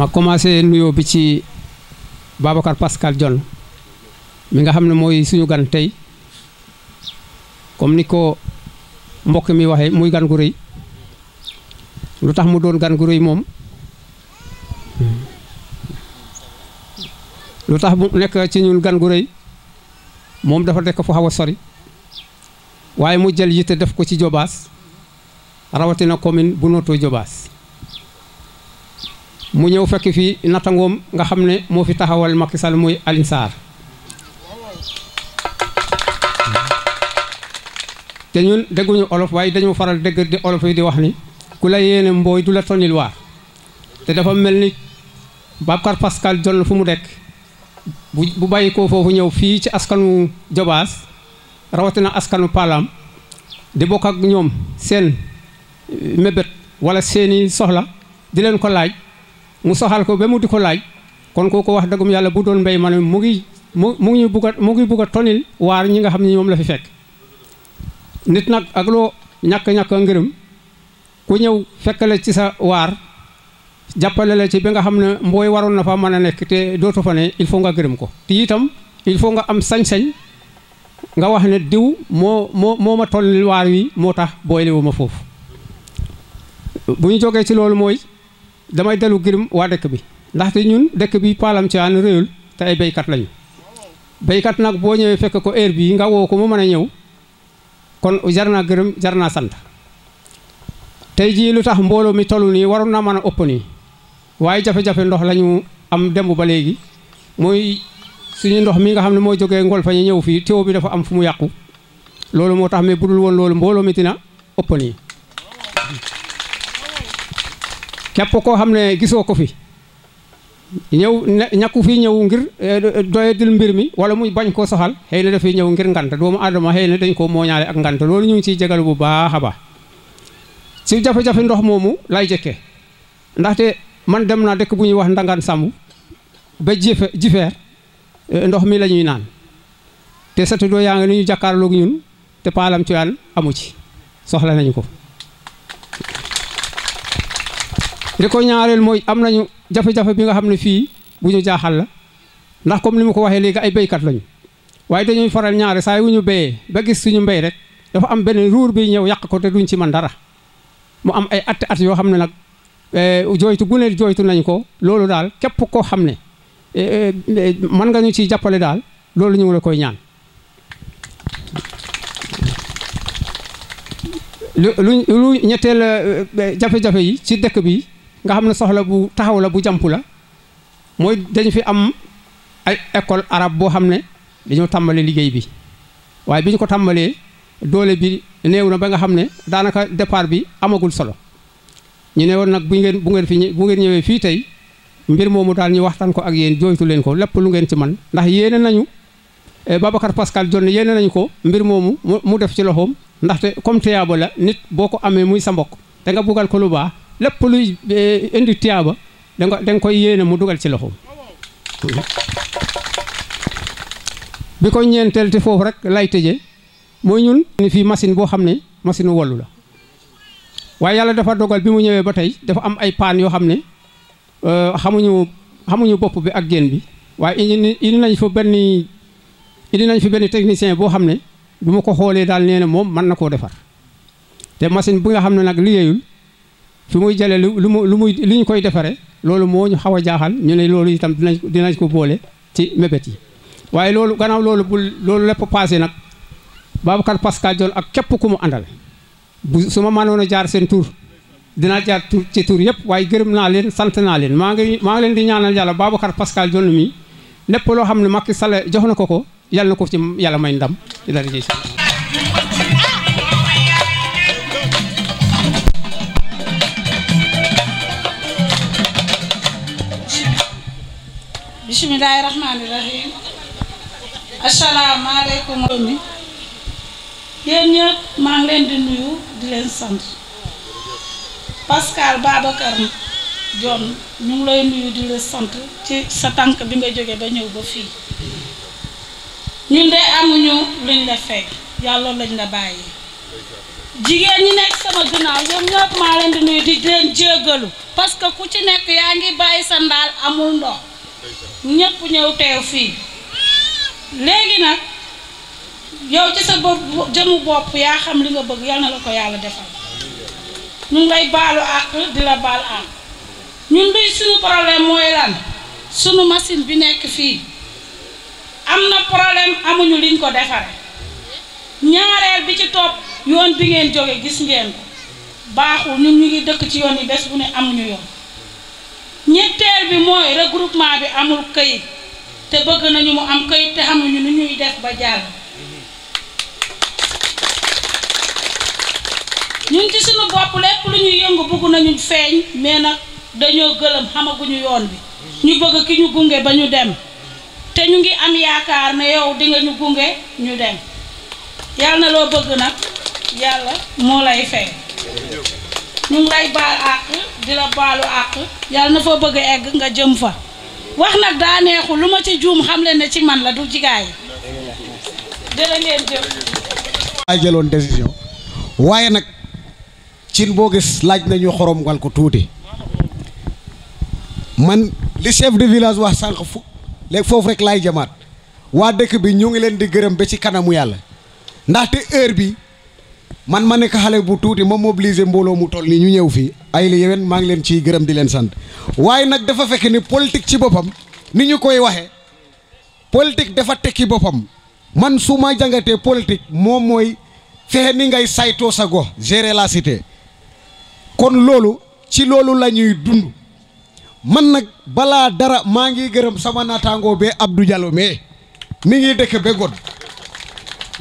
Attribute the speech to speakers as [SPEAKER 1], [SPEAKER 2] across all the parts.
[SPEAKER 1] ma commencé nuyoo bi ci Babacar Pascal Dione mi nga xam ne mooy suñu gan tey comme ni ko mbokk mi waxee muy gan gu rëy lu tax mu doon gan gu rëy moom lu tax mu nekk ci ñun gan gu rëy moom dafa nekk fu xaw a sori waaye mu jël yitte def ko ci Jobaas rawatina commune bu nootoo Jobaas mu ñëw fekk fi nattangoom nga xam ne moo fi taxawal Macky Sall muy Alioune Sarr te ñun dégguñu olof waaye dañoo faral dégg di olof yi di wax ni ku la yéene mbooy du la tonil waar te dafa mel ni Babacar Pascal Jonn fu mu dekk bu bu bàyyi ko foofu ñëw fii ci askanu Jobaas rawatina askanu Palam di bokk ak ñoom seen eh, mébét walla seeni soxla di leen ko laaj mu soxal ko ba mu di ko laaj kon koo ko wax dëggum yàlla bu doon mbéy ma ne mu ngi mu mu ngi bugg mu ngi bugg a tonil waar ñi nga xam ne ñoom la fi fekk nit nag ak loo ñàkk-ñàkk ngërëm ku ñëw fekk la ci sa waar jàppale la ci bi nga xam ne mbooy waroon na fa mën a nekk te dootu fa ne il faut nga gërëm ko te itam il faut nga am sañ-sañ nga wax ne diw moo moo moo ma toll waar wi moo tax booylewu ma foofu bu ñu jógee ci loolu mooy damay dellu gërëm waa dëkk bi ndaxte ñun dëkk bi paalam ci aan réewul te ay béykat lañu béykat nag boo ñëwee fekk ko heure bii nga woo ko mu mën a ñëw kon jar naa gërëm jar naa sant tey jii lu tax mbooloo mi toll nii waroon naa mën a ëpp nii waaye jafe-jafe ndox lañu am demb ba léegi mooy suñu ndox mii nga xam ne moo jógee ngol fa ñu ñëw fii teew bi dafa am fu mu yàqu loolu moo tax mais budul woon loolu mbooloo mi dina ëpp nii képp koo xam ne gisoo ko fi ñëw ñàkku fii ñëw ngir eh, doyadil mbir mi wala muy bañ koo soxal xëy na dafay ñëw ngir ngant doomu aadama xëy na dañ koo mooñaale ak ngant loolu ñu ngi ciy jégalu bu baax a baax si jafe-jafe ndox moomu lay jëkkee ndaxte man dem naa dëkk bu ñuy wax ndangaan sàmm ba jife jifeer eh, ndox mi lañuy naan te sa tuddoo yaa ngi nu ñu jàkkaarloog ñun te paalam ci amu ci soxla nañu ko li ko ñaareel mooy am nañu jafe bi nga xam ne fii bu ñu jaaxal la ndax comme ni ma ko waxee léegi ay béykat lañu waaye dañuy faral ñaare saa yu ñu béyee ba gis suñu mbéy rek dafa am benn ruur bi ñëw yàq ko te ci man dara mu am ay at at yoo xam ne nag eh, jooytu bu ne nañ ko loolu daal képp koo xam ne eh, eh, mën nga ñu ciy jàppale daal loolu ñu ngi la koy ñaan. lu lu ñetteel jafe-jafe yi ci dëkk bi. nga xam ne soxla bu taxaw la bu jàmp la mooy dañ fi am ay arab boo xam ne dañoo tàmbale liggéey bi waaye bi ñu ko tàmbalee doole bi néew na ba nga xam ne daanaka départ bi amagul solo ñu ne woon nag bu ngeen bu ngeen fi bu ngeen ñëwee fii tey mbir moomu daal ñu waxtaan ko ak yéen jooytu leen ko lépp lu ngeen ci man ndax yéene nañu eh, Babacar Pascal Jonne yéene nañu ko mbir moomu mu def ci loxoom ndaxte comme teyaaba la nit boo ko amee muy sa mbokk te nga buggal lépp luy eh, indi tiyaaba da nga da nga koy yéene mu dugal ci loxoom bi ko ñeenteel te foofu rek layteje tëjee mooy ñun ni fii machine boo xam ne machine wallu la waaye yàlla dafa dogal bi mu ñëwee ba tey dafa am ay paan yoo xam ne euh, xamuñu xamuñu bopp bi ak génn bi waaye indi indi nañ fa benn indi nañ fi benn technicien boo xam ne bu ma ko xoolee daal nee na moom mën na koo defar te machine bi nga xam ne nag liggéeyul fi muy jëlee lu lu mu lu muy li ñu koy defaree loolu moo ñu xaw a jaaxal ñu ne loolu itam dinañ dinañ ko boole ci mébét yi waaye loolu gannaaw loolu bu loolu lépp passé nag Babacar Pascal Dione ak képp ku mu àndal bu su ma mënoon a jaar seen tur dinaa jaar tur ci tur yëpp waaye gërëm naa leen sant naa leen maa ngi maa leen di ñaanal yàlla Babacar Pascal Dione mi lépp loo xam ne Macky Sall jox na ko ko yàlla ko ci yàlla may ndam ci dara
[SPEAKER 2] bismillaahi rahmaani rahiim asalaamaaleykum mi yéen maa leen di nuyu di leen sant Pascal Babacar John ñu ngi lay nuyu di la sant ci sa tànk bi nga jóge ba ñëw ba fii ñun de amuñu luñ la fekk yàlla lañ la bàyyi jigéen ñi nekk sama ginnaaw ñoom ñëpp maa leen di nuyu di leen jéggalu parce que ku ci nekk yaa ngi bàyyi sa ndaal amul ndox ñépp ñëw teew fii léegi nag yow ci sa bopp jëmu bopp yaa xam li nga bëgg yal na la ko yàlla defal ñu ngi baalu àq di la baal àq ñun luy suñu problème mooy lan suñu machine bi nekk fii am na problème amuñu liñ ko defare ñaareel bi ci topp yoon bi ngeen jóge gis ngeen ko baaxul ñun ñu ngi dëkk ci yoon yi bés bu ne amuñu yoon ñetteel bi mooy groupement bi amul kayit te bëgg nañu mu am këyit te xamuñu nu ñuy def ba jàll ñun ci suñu bopp lépp lu ñuy yëngu bëgg nañu feeñ mais nag dañoo gëlëm xamaguñu yoon bi ñu bëgg ki ñu gunge ba ñu dem te ñu ngi am yaakaar ne yow dinga nga ñu gunge ñu dem yàlla loo bëgg nag yàlla moo lay fay ñu ngi lay baal àq di la baalu àq yàlla na fa bëgg a egg nga jëm fa wax nag daa neexul lu ma ci juum xam leen ne ci man la du jigaay jërë ngeen jëf
[SPEAKER 3] jëloon décision waaye nag cin boo gis laaj nañu xorom wal ko tuuti man li chef de village wax sànq fu léegi foofu rek laay jamaat waa dëkk bi ñu ngi leen di gërëm ba ci kanamu yàlla ndaxte heure bi man ma nekk xale bu tuuti ma mobiliser mbooloo mu toll nii ñu ñëw fii ay la maa ngi leen ciy gërëm di leen sant waaye nag dafa fekk ni politique ci boppam ni ñu koy waxee politique dafa tekki boppam man su ma jàngatee politique moom mooy fexe ni ngay saytoo sa gox gérer kon loolu ci loolu la ñuy dund man nag balaa dara maa ngi gërëm sama naataangoo bee Abdou Diallo mais mi ngi dëkk be god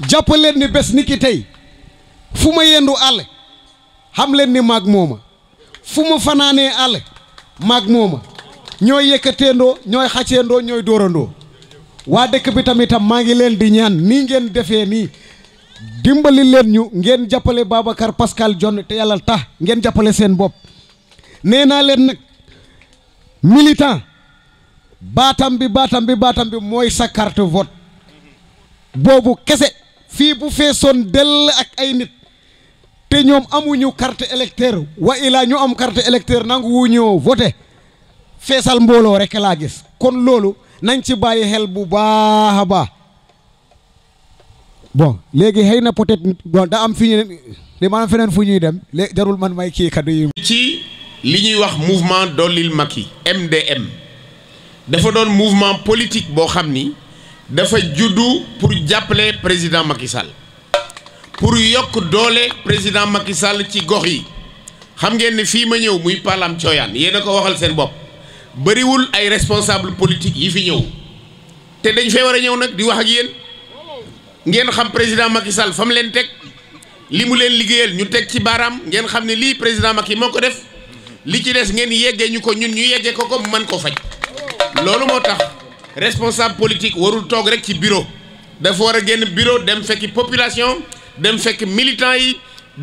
[SPEAKER 3] jàpp leen ni bés ni ki tey fu ma yendu àll xam leen ni maag mooma fu ma fanaanee àll maag mooma ñooy yëkkateendoo ñooy xàcceendoo ñooy dóorandoo waa dëkk bi tamitam maa ngi leen di ñaan nii ngeen defee nii dimbali leen ñu ngeen jàppale Babacar Pascal Dione te yàlla tax ngeen jàppale seen bopp nee naa leen nag militant baatam bi baatam bi baatam bi mooy sa carte vote boobu kese fii bu feesoon dell ak ay nit te ñoom amuñu carte électeur wa ilaa ñu am carte électeur nangu wuñoo voté feesal mbooloo rek laa gis kon loolu nañ ci bàyyi xel bu baax a bon léegi xëy na peut-être bon da am fi ñu ne feneen fu
[SPEAKER 4] ñuy dem léegi jarul man may kii kaddu ci li ñuy wax mouvement Doolil Macky MDM dafa doon mouvement politique boo xam ni dafa juddu pour jàppale président Macky Sall. pour yokk doole président Macky Sall ci gox yi xam ngeen ne fii ma ñëw muy Palam Coyaan yéen a ko waxal seen bopp bariwul ay responsable politique yi fi ñëw te dañ fee war a ñëw nag di wax ak yéen ngeen xam président Macky Sall fa leen teg li mu leen liggéeyal ñu teg ci baaraam ngeen xam ne lii président Macky moo ko def li ci des ngeen yeggee ñu ko ñun ñu yeggee ko ko man ko faj loolu moo tax responsable politique warul toog rek ci bureau dafa war a génn bureau dem fekki population. dem fekk militant yi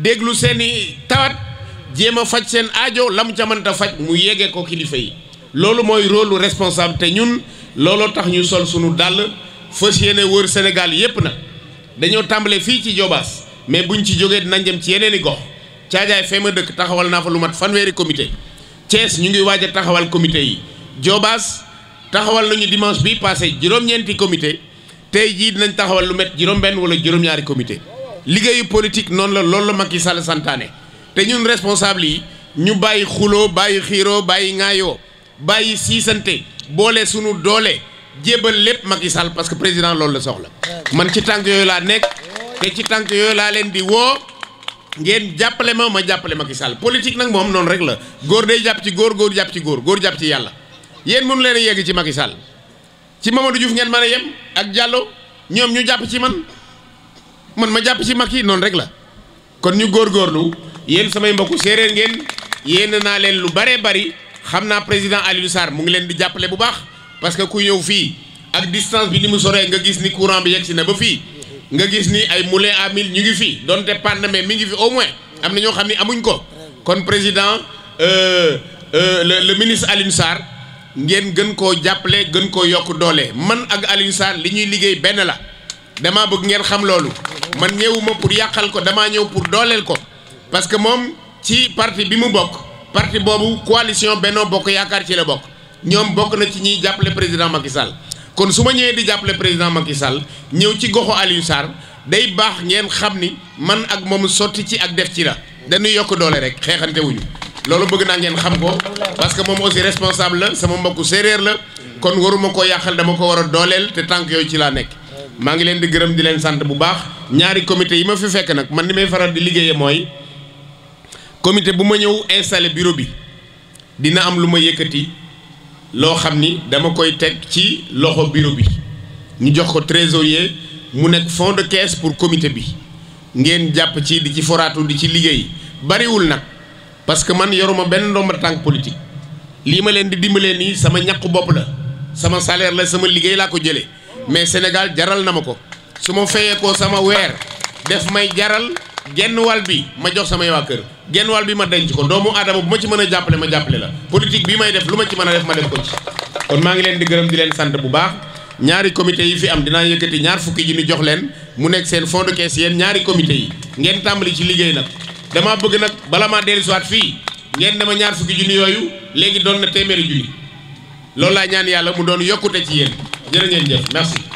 [SPEAKER 4] déglu seeni tawat jéem a faj seen aajo lam mu faj mu yegge ko kilifa yi loolu mooy rôle lu responsable te ñun looloo tax ñu sol sunu dàll fas yéene wër Sénégal yépp nag dañoo tàmbale fii ci Jobaas mais buñ ci jógee dinañ dem ci yeneen i gox caajaay fee ma dëkk taxawal naa fa lu mat fanweeri comité Thiès ñu ngi waaj a taxawal comité yi Jobaas taxawal nañu dimanche bii passé juróom-ñeenti comité tey jii dinañ taxawal lu met juróom wala juróom-ñaari liggéeyu politique noonu la loolu la Macky Sall santaane te ñun responsable yi ñu bàyyi xuloo bàyyi xiiroo bàyyi ŋaayoo bàyyi siisante boole sunu doole jébal lépp Macky Sall parce que président loolu la soxla man ci tànk yooyu laa nekk te ci tànk yooyu laa leen di woo ngeen jàppale ma ma jàppale Macky Sall politique nag moom noonu rek la góor day jàpp ci góor góor jàpp ci góor góor jàpp ci yàlla yéen mënu leen yegg ci Macky Sall ci Mamadou Diouf ngeen mën a yem man ma jàpp ci mag yi noonu rek la kon ñu góorgóorlu yéen samay mbokk séeréer ngeen yéen naa leen lu baree bari xam naa président Alioune mu ngi leen di jàppale bu baax parce que ku ñëw fii ak distance bi ni mu soree nga gis ni courant bi si na ba fii nga gis ni ay moulin à mille ñu ngi fii donte pandémie mi ngi fi au moins am na ñoo xam ni amuñ ko kon président euh, euh, le ministre Alioune ngeen gën koo jàppale gën koo yokk doole man ak Alioune li ñuy liggéey benn la dama bëgg ngeen xam loolu man ñëwuma pour yàqal ko damaa ñëw pour dooleel ko parce que moom ci parti bi mu bokk parti boobu coalition Benno Bokk Yaakaar ci la bokk ñoom bokk na ci ñiy jàppale président Macky kon su ma ñëwee di jàppale président Macky Sall ñëw ci goxu Aliou Sarr day baax ngeen xam ni man ak moom sotti ci ak def ci la dañuy yokk doole rek xeexante wuñu loolu bëgg naa ngeen xam ko parce que moom aussi responsable la sama mbokku séeréer la kon waruma koo yàqal dama ko war a dooleel te tànk yooyu ci laa nekk maa ngi leen di gërëm di leen sant bu baax ñaari comité yi ma fi fekk nag man ni may faral di liggéeyee mooy comité bu ma ñëw installé bureau bi dina am lu ma yëkkati loo xam ni dama koy teg ci loxo bureau bi ñu jox ko trésorier mu nekk fond de caisse pour comité bi ngeen jàpp ci di ci foraatu di ci liggéey bariwul nag parce que man yoruma benn ndomba tànk politique lii ma leen di dimbalee nii sama ñàkku bopp la sama salaire la sama liggéey laa ko jëlee. mais Sénégal jaral na ma ko su ma fayee ko sama weer def may jaral genn wàll bi ma jox samay waa kër genn wàll bi ma denc ko doomu aadama bu ma ci mën a jàppale ma jàppale la politique bi may def lu ma ci mën a def ma def ko ci kon maa ngi leen di gërëm di leen sant bu baax ñaari comité yi fi am dinaa yëkkati ñaar fukki ji ni jox leen mu nekk seen fond de caisse yéen ñaari comité yi ngeen tàmbali ci liggéey nag damaa bëgg nag bala maa dellusiwaat fii ngeen dama ñaar fukki junni yooyu léegi doon na téeméeri junni loolu laa ñaan yàlla mu doon yokkute ci yéen jërë ngeen jëf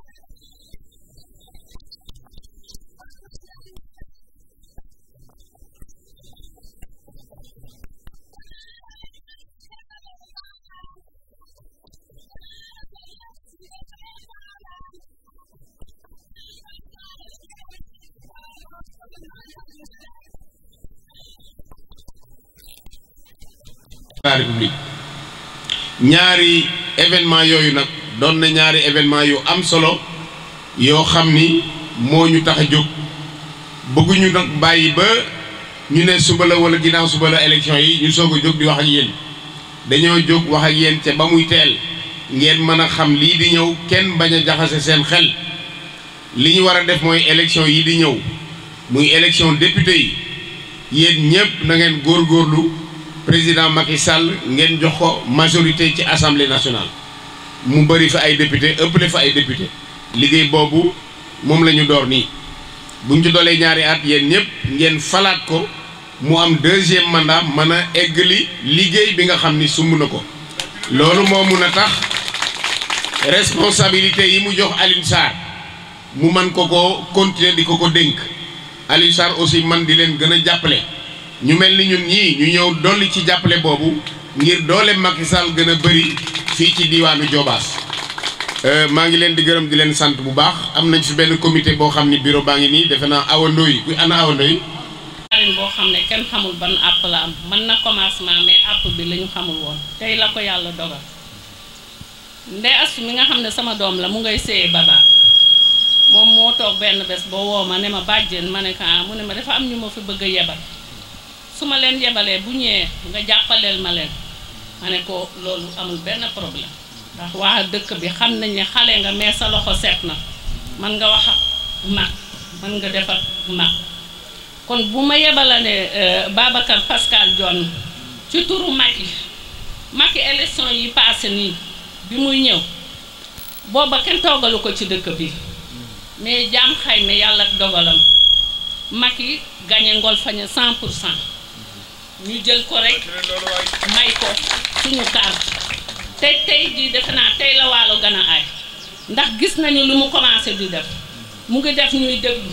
[SPEAKER 4] publique ñaari événement yooyu nag doon na ñaari événement yu am solo yoo xam ni moo ñu tax a jóg bëgguñu nag bàyyi ba ñu ne suba la wala ginnaaw suba la élection yi ñu soog a jóg di wax ak yéen dañoo jóg wax ak yéen ca ba muy teel ngeen mën a xam lii di ñëw kenn bañ a jaxase seen xel li ñu war a def mooy élection yi di ñëw muy élection député yi yéen ñëpp na ngeen góorgóorlu président Macky Sall ngeen jox ko majorité ci assemblée nationale mu bëri fa ay député ëpple fa ay député liggéey boobu moom la ñu door nii buñ ci dolee ñaari at yéen ñëpp ngeen falaat ko mu am deuxième mandat mën a eggali liggéey bi nga xam ni sumb na ko loolu moo mun a tax responsabilité yi mu jox Alioune mu man ko ko continuer di ko ko dénk Alioune aussi man di leen gën a jàppale ñu mel ni ñun ñii ñu ñëw dolli ci jàppale boobu ngir doole Macky Sall gën a bari fii ci diwaanu Diobass euh, maa ngi leen di gërëm di leen sant bu baax am nañ fi benn comité boo xam ne bureau baa ngi nii defe naa awandoo yi kuy ana awandoo
[SPEAKER 5] boo xam ne kenn xamul ban àpp la am mën na commencement mais àpp bi lañu xamul woon tey la ko yàlla dogal ndey astu mi nga xam ne sama doom la mu ngay séyee baba moom moo toog benn bés ba woo ma ne ma bàjjeen ma ne ko ah, mu ne ma dafa am ñu ma bëgg a su ma leen yebalee bu ñëwee nga jàppaleel ma leen ma ne ko loolu amul benn problème ndax waa dëkk bi xam nañ ne xale nga mais sa loxo set na man nga wax ak mag man nga def ak mag kon bu ma yebalee euh, Babacar Pascal Dione ci turu Macky Macky élection yi passé nii bi muy ñëw booba kenn toogalu ko ci dëkk bi mais jaam xay ne yàlla dogalam Macky gagné Ngol fañe 100 pour cent ñu jël ko rek may ko suñu carte te tey jii defe naa tey la waalo gën a ndax gis nañu lu mu commencé di def mu ngi def ñuy déglu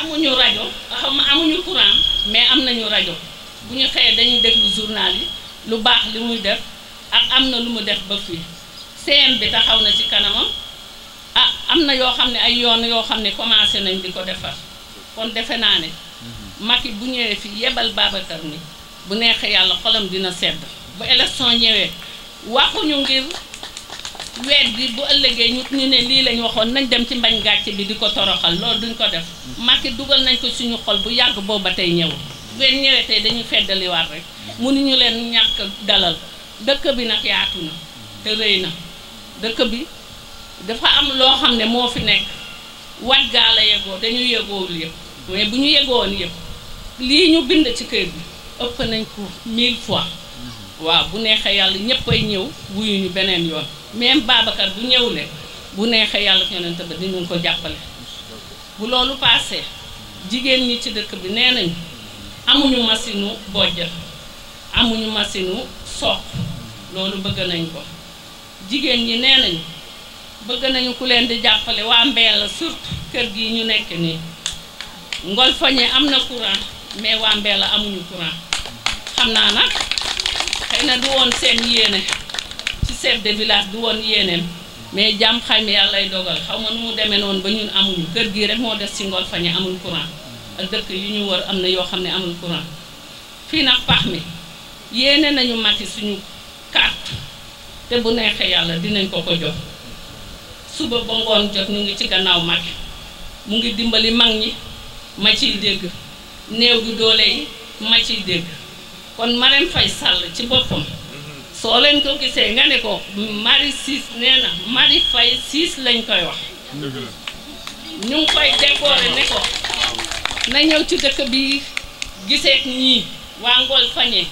[SPEAKER 5] amuñu rajo xam amuñu courant mais am nañu rajo bu ñu xëyee dañuy déglu journal yi lu baax li muy def ak am na lu mu def ba fii CM bi taxaw na ci kanamam ah am na yoo xam ne ay yoon yoo xam ne commencé nañ di ko defar kon defe naa ne Macky bu ñëwee fii yebal Babacar ni bu neexee yàlla xolam dina sedd bu élection ñëwee waxuñu ngir weet bi bu ëllëgee ñu ñu lii lañ waxoon nañ dem ci mbañ gàcc bi di ko toroxal loolu duñ ko def Macky dugal nañ ko suñu xol bu yàgg booba tey ñëw bu ñëwee tey dañuy feddaliwaat rek mënuñu leen ñàkk dalal dëkk bi nag yaatu na te rëy na dëkk bi dafa am loo xam ne moo fi nekk wat gaa la yegoo dañu yegowul yëpp bu ñu yegowoon yëpp lii ñu bind ci kër bi ëpp nañ ko mille fois waaw bu neexee yàlla ñëpp ay ñëw wuyu ñu beneen yoon même Babacar bu ñëwule bu neexee yàlla yonent ba dinañ ko jàppale bu loolu paase jigéen ñi ci dëkk bi nee nañ amuñu masinu bojja amuñu masinu soq loolu bëgg nañ ko jigéen ñi nee nañ bëgg nañu ku leen di jàppale waa Mbella surtout kër gi ñu nekk nii Ngolfane am na courant mais waa la amuñu courant xam naa na xëy na du woon seen yéene ci chef de village du woon yéeneem mais jàmm xay yàlla lay dogal xaw ma nu mu demee noonu ba ñun amuñu kër gii rek moo des ci ngol fañe amul courant ak dëkk yu ñu wër am na yoo xam ne amul courant fii nag pax mi yéene nañu mati suñu carte te bu neexee yàlla dinañ ko ko jox suba ba ngoon jot ñu ngi ci gannaaw mati mu ngi dimbali mag ñi ma ciy dégg néew gi doole yi ma ciy dégg kon Marème Faye Sall ci boppam soo leen ko gisee nga ne ko Marie Ciss nee na Marie Faye Ciss lañ koy wax ñu ngi koy décoré ne ko na ñëw ci dëkk bi gisee ñii waa Ngol Fagné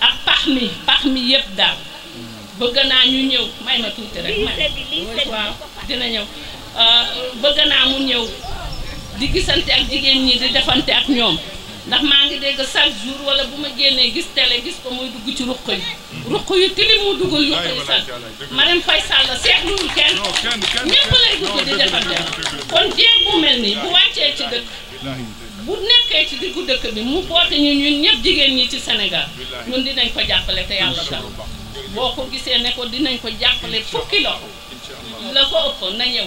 [SPEAKER 5] ak pax mi pax mi yëpp daal bëgg naa ñu ñëw may ma tuuti rek may waaw dina ñëw euh, bëgg naa mu ñëw di gisante ak jigéen ñi di defante ak ñoom ndax maa ngi dégg chaque jour wala bu ma génnee gis télé gis ko muy dugg ci ruq yi ruq yu tilim mu dugal ruq yi sax Marème fay Sall seetluwul kenn
[SPEAKER 6] ñëpp lay dugg di defante
[SPEAKER 5] kon jéeg bu mel nii bu wàccee ci dëkk bu nekkee ci ku dëkk bi mu boote ñu ñun ñëpp jigéen ñi ci senegal ñun dinañ ko jàppale te yàlla tax boo ko gisee ne ko dinañ ko jàppale fukki loxo la ko ëpp na ñëw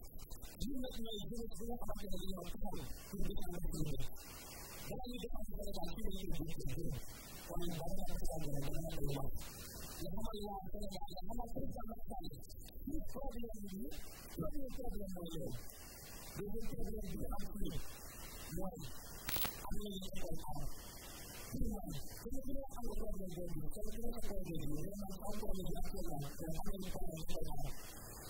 [SPEAKER 6] ñun nag ñooy jënd li nga xamante ne ñoom xam pour di am lu ñu dara ñu def ci Sénégal ci la ñuy def ci jëm kon dara ñu ko xam ne dara ñu koy wax nga xamal waa Sénégal nga xamal président Macky Sall ci problème yi premier problème mooy loolu deuxième problème bi am ci mooy am na ñu koy am pour man comme ki nga xam ne problème boobu comme ki nga xam ne problème bi vraiment am problème bi actuellement nga xam ne problème bi koy am